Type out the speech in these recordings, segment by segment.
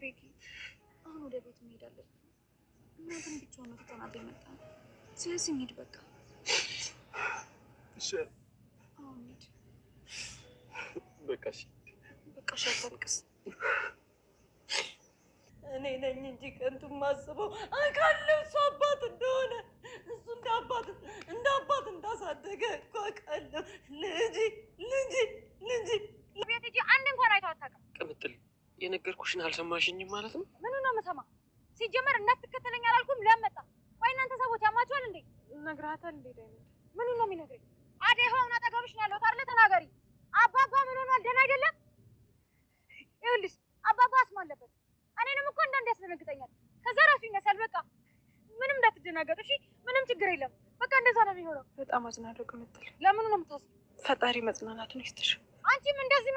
ቤኪ፣ አሁን ወደ ቤት መሄድ አለብን። እናትን ብቻዋን ነው ትተናት የመጣ ነው። ስለዚህ እንሂድ በቃ። እሺ፣ አሁን እንሂድ በቃ። እሺ፣ በቃ። እሺ፣ አታልቅስ። እኔ ነኝ እንጂ ቀንቱ ማስበው አውቃለሁ አልሰማሽኝም ማለት ነው? ምኑ ነው የምሰማ? ሲጀመር እንዳትከተለኝ አላልኩም። ለመጣ ቆይ እናንተ ሰዎች ያማችኋል እንዴ? ነግራታል እንዴ? ዳይመንድ ምኑ ነው የሚነግረኝ? ሆና አጠገብሽ ነው ተናገሪ። አባባ ምን ሆኗል? ደህና አይደለም? ይኸውልሽ አባባ አለበት። እኔንም እኮ ያስደነግጠኛል። ከዛ ራሱ ይነሳል። በቃ ምንም እንዳትደናገጡ እሺ። ምንም ችግር የለም። በቃ እንደዛ ነው የሚሆነው። በጣም አዝናለሁ። ለምኑ ነው ፈጣሪ መጽናናቱን ይስጥሽ። አንቺም እንደዚህ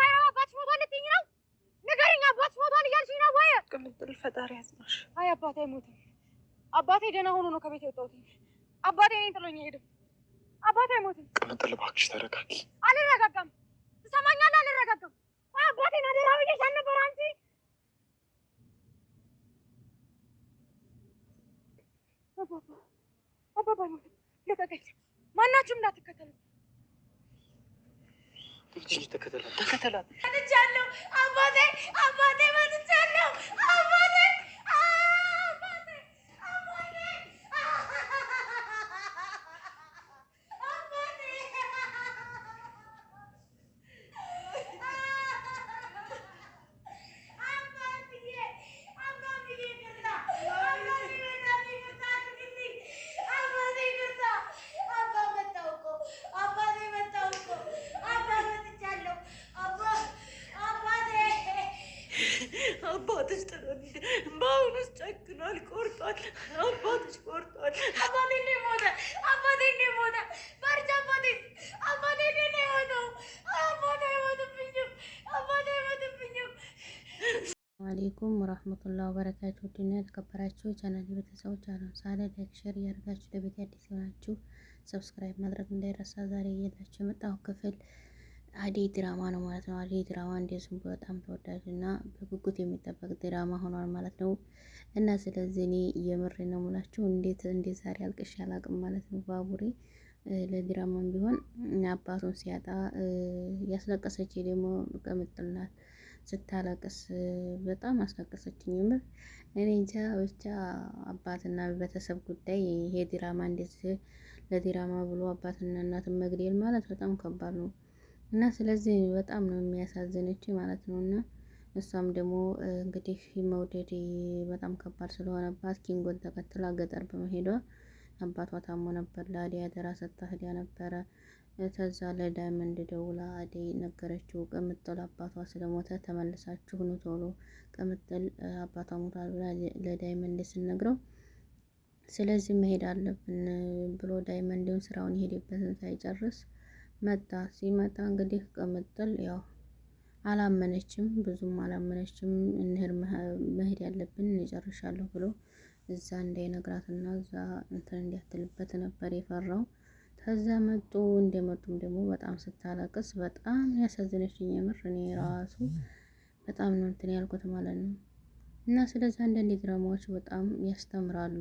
እያስመሰልሽኝ ነው ወይ? ቅምጥል ፈጣሪ ያጽናሽ። አይ አባቴ አይሞትም። አባቴ ደህና ሆኖ ነው ከቤት የወጣሁት። አባቴ እኔን ጥሎኝ ሄድም። አባቴ አይሞትም። ቅምጥል እባክሽ ተረጋጊ። አልረጋጋም። ትሰማኛለህ? አልረጋጋም። ቆይ አባቴን አደራ ብዬሽ አልነበረ አንቺ አባባ አባባ፣ ልቀቀኝ። ማናችሁም እንዳትከተሉ ተከተላት። አለይኩም ወራህመቱላሂ ወበረካቱ ውድና የተከበራችሁ ቻናል ቤተሰቦች አሉ ሳለ ላይክ ሼር እያደረጋችሁ ለቤት አዲስ የሆናችሁ ሰብስክራይብ ማድረግ እንዳይረሳ። ዛሬ እየላችሁ የመጣው ክፍል አደይ ድራማ ነው ማለት ነው። አደይ ድራማ እንደዚሁም በጣም ተወዳጅ እና በጉጉት የሚጠበቅ ድራማ ሆኗል ማለት ነው። እና ስለዚህ እኔ እየምሬ ነው ምላችሁ እንዴት እንዴት ዛሬ አልቅሼ አላቅም ማለት ነው። ባቡሬ ለድራማም ቢሆን አባቱን ሲያጣ ያስለቀሰች ደግሞ ቅምጥል ናት። ስታለቅስ በጣም አስለቀሰችኝ። የምር እኔ እንጃ ብቻ አባትና ቤተሰብ ጉዳይ ይሄ ዲራማ እንዴት ለዲራማ ብሎ አባትና እናትን መግደል ማለት በጣም ከባድ ነው እና ስለዚህ በጣም ነው የሚያሳዝነች ማለት ነው እና እሷም ደግሞ እንግዲህ መውደድ በጣም ከባድ ስለሆነባት ኪንጎን ተከትላ ገጠር በመሄዷ አባቷ ታሞ ነበር። ላዲያ ደራ ሰጥታ ሄዳ ነበረ። ከዛ ለዳይመንድ ደውላ አደይ ነገረችው። ቅምጥል አባቷ ስለሞተ ተመልሳችሁ ኑ ቶሎ ቅምጥል አባቷ ሞቷል ብላ ለዳይመንድ ስነግረው ስለዚህ መሄድ አለብን ብሎ ዳይመንድን ስራውን የሄደበትን ሳይጨርስ መጣ። ሲመጣ እንግዲህ ቅምጥል ያው አላመነችም፣ ብዙም አላመነችም። እንሄድ መሄድ ያለብን እንጨርሻለሁ ብሎ እዛ እንዳይነግራትና እዛ እንትን እንዲያትልበት ነበር የፈራው። ከዛ መጡ። እንደመጡም ደግሞ በጣም ስታለቅስ በጣም ያሳዝነችኝ የምር እኔ ራሱ በጣም ነው እንትን ያልኩት ማለት ነው። እና ስለዚህ አንዳንድ ድራማዎች በጣም ያስተምራሉ።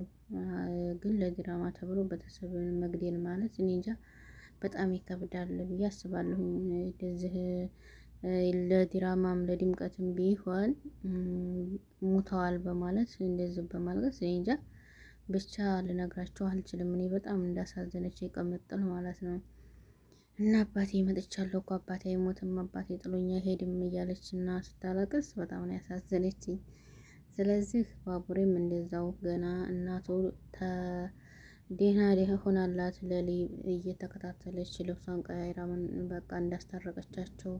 ግን ለድራማ ተብሎ ቤተሰብን መግደል ማለት እኔ እንጃ በጣም ይከብዳል ብዬ አስባለሁ። እንደዚህ ለድራማም ለድምቀትም ቢሆን ሙተዋል በማለት እንደዚህ በማልቀስ እኔ እንጃ ብቻ ልነግራቸው አልችልም። እኔ በጣም እንዳሳዘነች የቀመጠል ማለት ነው። እና አባቴ መጥቻለሁ እኮ አባቴ አይሞትም አባቴ ጥሎኛ ሄድም እያለች እና ስታለቅስ በጣም ነው ያሳዘነች። ስለዚህ ባቡሬም እንደዛው ገና እናቱ ዴና ሆናላት ለሊ እየተከታተለች ልብሷን ቀያይራ በቃ እንዳስታረቀቻቸው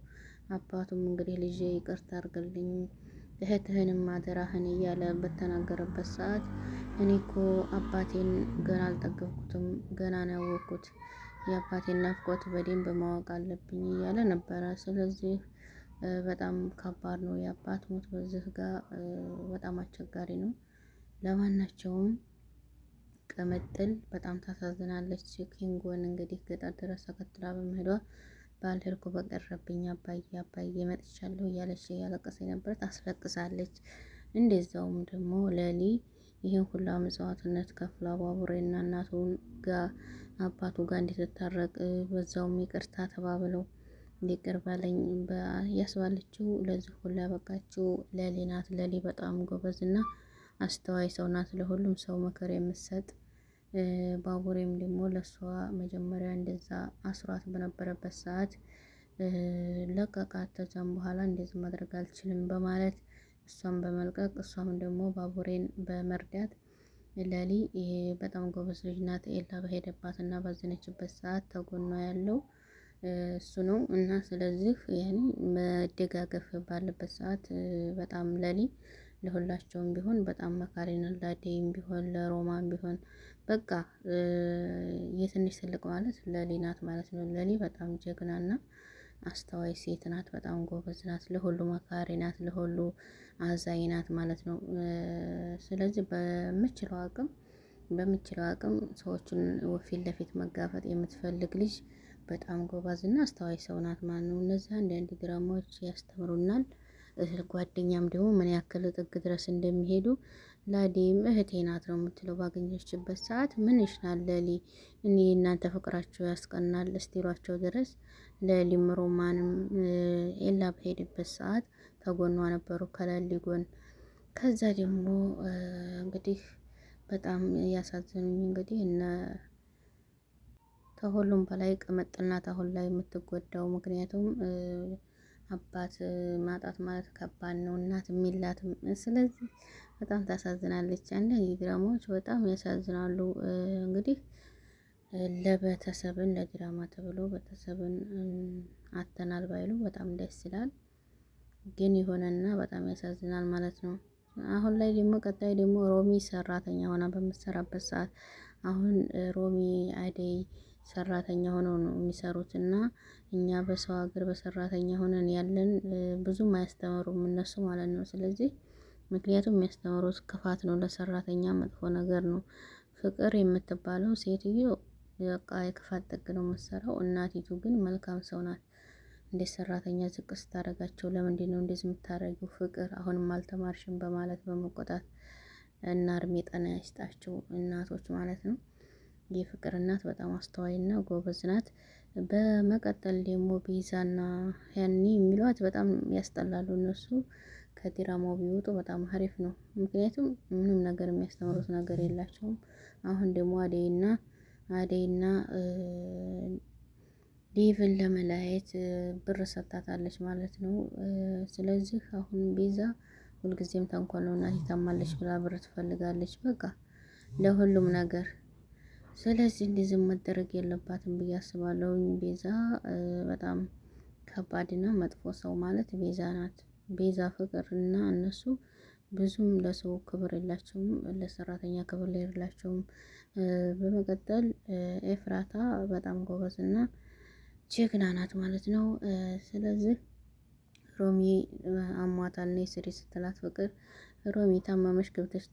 አባቱም እንግዲህ ልጄ ይቅርታ አድርግልኝ እህትህንም አደራህን እያለ በተናገረበት ሰዓት እኔ እኮ አባቴን ገና አልጠገብኩትም፣ ገና ነው ያወቅኩት፣ የአባቴን ናፍቆት በደንብ ማወቅ አለብኝ እያለ ነበረ። ስለዚህ በጣም ከባድ ነው የአባት ሞት፣ በዚህ ጋር በጣም አስቸጋሪ ነው። ለማናቸውም ቅምጥል በጣም ታሳዝናለች። ኪንጎን እንግዲህ ገጠር ድረስ ተከትላ በመሄዷ ባል ደርጎ በቀረብኝ አባዬ አባዬ መጥቻለሁ እያለች እያለቀሰ ነበር። ታስለቅሳለች። እንደዛውም ደግሞ ለሊ ይህን ሁላ መጽዋዕትነት ከፍላ ባቡሬና እናቱ ጋ አባቱ ጋ እንድትታረቅ በዛውም ይቅርታ ተባብለው ይቅር በለኝ ያስባለችው ለዚህ ሁላ ያበቃችው ለሊ ናት። ለሊ በጣም ጎበዝ እና አስተዋይ ሰው ናት። ለሁሉም ሰው ምክር የምትሰጥ ባቡሬም ደግሞ ለእሷ መጀመሪያ እንደዛ አስሯት በነበረበት ሰዓት ለቀቃት። ከዛም በኋላ እንደዚህ ማድረግ አልችልም በማለት እሷም በመልቀቅ እሷም ደግሞ ባቡሬን በመርዳት ለሊ በጣም ጎበዝ ልጅ ናት። ኤላ በሄደባት እና ባዘነችበት ሰዓት ተጎኗ ያለው እሱ ነው እና ስለዚህ ያኔ መደጋገፍ ባለበት ሰዓት በጣም ለሊ ለሁላቸውም ቢሆን በጣም መካሪ ነን። ቢሆን ለሮማም ቢሆን በቃ የትንሽ ትልቅ ማለት ለሊ ናት ማለት ነው። ለሊ በጣም ጀግናና አስተዋይ ሴት ናት። በጣም ጎበዝ ናት። ለሁሉ መካሪ ናት። ለሁሉ አዛኝ ናት ማለት ነው። ስለዚህ በምችለው አቅም በምችለው አቅም ሰዎችን ፊት ለፊት መጋፈጥ የምትፈልግ ልጅ በጣም ጎበዝ እና አስተዋይ ሰው ናት ማለት ነው። እነዚህ አንዳንድ ድራማዎች ያስተምሩናል። እህል ጓደኛም ደግሞ ምን ያክል ጥግ ድረስ እንደሚሄዱ ላዴም እህቴ ናት ነው የምትለው። ባገኘችበት ሰዓት ምን ይሽናል ለሊ እኔ እናንተ ፍቅራቸው ያስቀናል እስቲሏቸው ድረስ ለሊም ሮማንም ኤላ በሄድበት ሰዓት ተጎኗ ነበሩ ከለሊ ጎን። ከዛ ደግሞ እንግዲህ በጣም እያሳዘኑኝ እንግዲህ እነ ከሁሉም በላይ ቅምጥልናት አሁን ላይ የምትጎዳው ምክንያቱም አባት ማጣት ማለት ከባድ ነው። እናት የሚላትም ስለዚህ በጣም ታሳዝናለች። አንዳንድ ድራማዎች በጣም ያሳዝናሉ። እንግዲህ ለቤተሰብን ለድራማ ተብሎ ቤተሰብን አተናል ባይሉ በጣም ደስ ይላል። ግን የሆነና በጣም ያሳዝናል ማለት ነው። አሁን ላይ ደግሞ ቀጣይ ደግሞ ሮሚ ሰራተኛ ሆና በምትሰራበት ሰዓት አሁን ሮሚ አደይ ሰራተኛ ሆነው ነው የሚሰሩት እና እኛ በሰው ሀገር በሰራተኛ ሆነን ያለን ብዙም አያስተምሩም እነሱ ማለት ነው። ስለዚህ ምክንያቱም የሚያስተምሩት ክፋት ነው ለሰራተኛ መጥፎ ነገር ነው። ፍቅር የምትባለው ሴትዮ በቃ የክፋት ጥግ ነው የምትሰራው እናቲቱ ግን መልካም ሰው ናት። እንዴት ሰራተኛ ዝቅ ስታደርጋቸው ነው እንደዚህ የምታደርጊው? ፍቅር አሁንም አልተማርሽም በማለት በመቆጣት እና እድሜ ጤና እናቶች ማለት ነው የፍቅር እናት በጣም እና ጎበዝ ናት። በመቀጠል ደግሞ ቤዛና ያኒ የሚሏት በጣም ያስጠላሉ። እነሱ ከዲራማው ቢወጡ በጣም አሪፍ ነው። ምክንያቱም ምንም ነገር የሚያስተምሩት ነገር የላቸውም። አሁን ደግሞ አደይና አደይና ዴቭን ለመለያየት ብር ሰጥታታለች ማለት ነው። ስለዚህ አሁን ቤዛ ሁልጊዜም ተንኮለውና ታማለች ብላ ብር ትፈልጋለች። በቃ ለሁሉም ነገር ስለዚህ እንደዚህ መደረግ የለባትም ብዬ አስባለሁ። ቤዛ በጣም ከባድና መጥፎ ሰው ማለት ቤዛ ናት። ቤዛ ፍቅር እና እነሱ ብዙም ለሰው ክብር የላቸውም፣ ለሰራተኛ ክብር የላቸውም። በመቀጠል ኤፍራታ በጣም ጎበዝ እና ጀግና ናት ማለት ነው። ስለዚህ ሮሚ አሟታል ነይ ስሪ ስትላት ፍቅር ሮሚ ታመመሽ ገብተሽ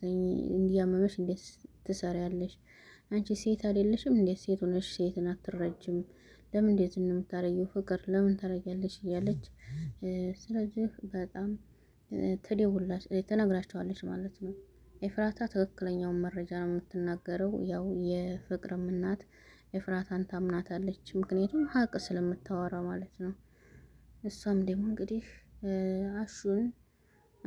እንዲያመመሽ እንዴት ትሰሪያለሽ? አንቺ ሴት አይደለሽም? እንዴት ሴት ሆነሽ ሴትን አትረጅም? ለምን እንዴት እንደምታረጊው ፍቅር ለምን ታረጊያለሽ? እያለች ስለዚህ በጣም ትደውላች ትነግራቸዋለች ማለት ነው። ኤፍራታ ትክክለኛውን መረጃ ነው የምትናገረው። ያው የፍቅርም እናት ኤፍራታን ታምናታለች፣ ምክንያቱም ሀቅ ስለምታወራ ማለት ነው። እሷም ደግሞ እንግዲህ አሹን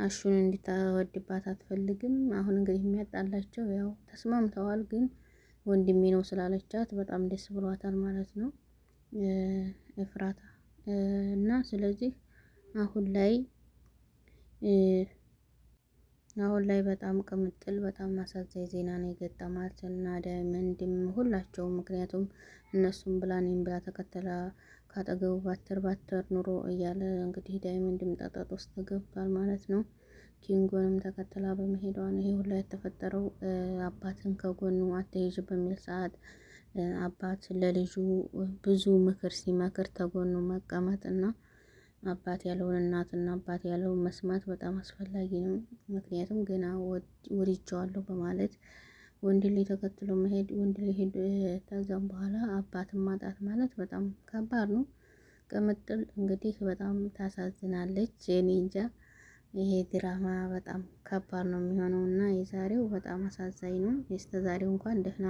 አሹን እንዲታወድባት አትፈልግም። አሁን እንግዲህ የሚያጣላቸው ያው ተስማምተዋል ግን ወንድሜ ነው ስላለቻት በጣም ደስ ብሏታል ማለት ነው ኤፍራታ እና ስለዚህ አሁን ላይ አሁን ላይ በጣም ቅምጥል በጣም አሳዛኝ ዜና ነው የገጠማት እና ዳይመንድም ሁላቸውም ምክንያቱም እነሱም ብላ እኔም ብላ ተከተላ ካጠገቡ ባተር ባተር ኑሮ እያለ እንግዲህ ዳይመንድም ጣጣጥ ውስጥ ገብቷል ማለት ነው። ኪንጎንም ተከትላ በመሄዷ ነው ይሄ ሁላ የተፈጠረው። አባትን ከጎኑ አትሄጂ በሚል ሰዓት አባት ለልጁ ብዙ ምክር ሲመክር ተጎኑ መቀመጥ እና አባት ያለውን እናትና አባት ያለውን መስማት በጣም አስፈላጊ ነው። ምክንያቱም ገና ወድጀዋለሁ በማለት ወንድ ልጅ ተከትሎ መሄድ ወንድ ልጅ ሄድ ከዛም በኋላ አባትን ማጣት ማለት በጣም ከባድ ነው። ቅምጥል እንግዲህ በጣም ታሳዝናለች። እኔ እንጃ ይሄ ድራማ በጣም ከባድ ነው የሚሆነው እና የዛሬው በጣም አሳዛኝ ነው። የስተዛሬው እንኳን ደህና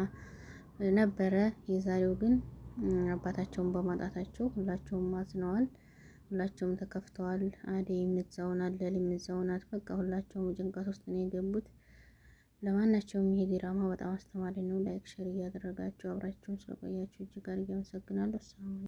ነበረ። የዛሬው ግን አባታቸውን በማጣታቸው ሁላቸውም አዝነዋል። ሁላቸውም ተከፍተዋል። አደይ የምትዘውናት ለሊ የምትዘውናት በቃ ሁላቸውም ጭንቀት ውስጥ ነው የገቡት። ለማናቸውም ይሄ ድራማ በጣም አስተማሪ ነው። ላይክ ሼር እያደረጋችሁ አብራችሁን ስለቆያችሁ እጅግ አድርጌ አመሰግናለሁ።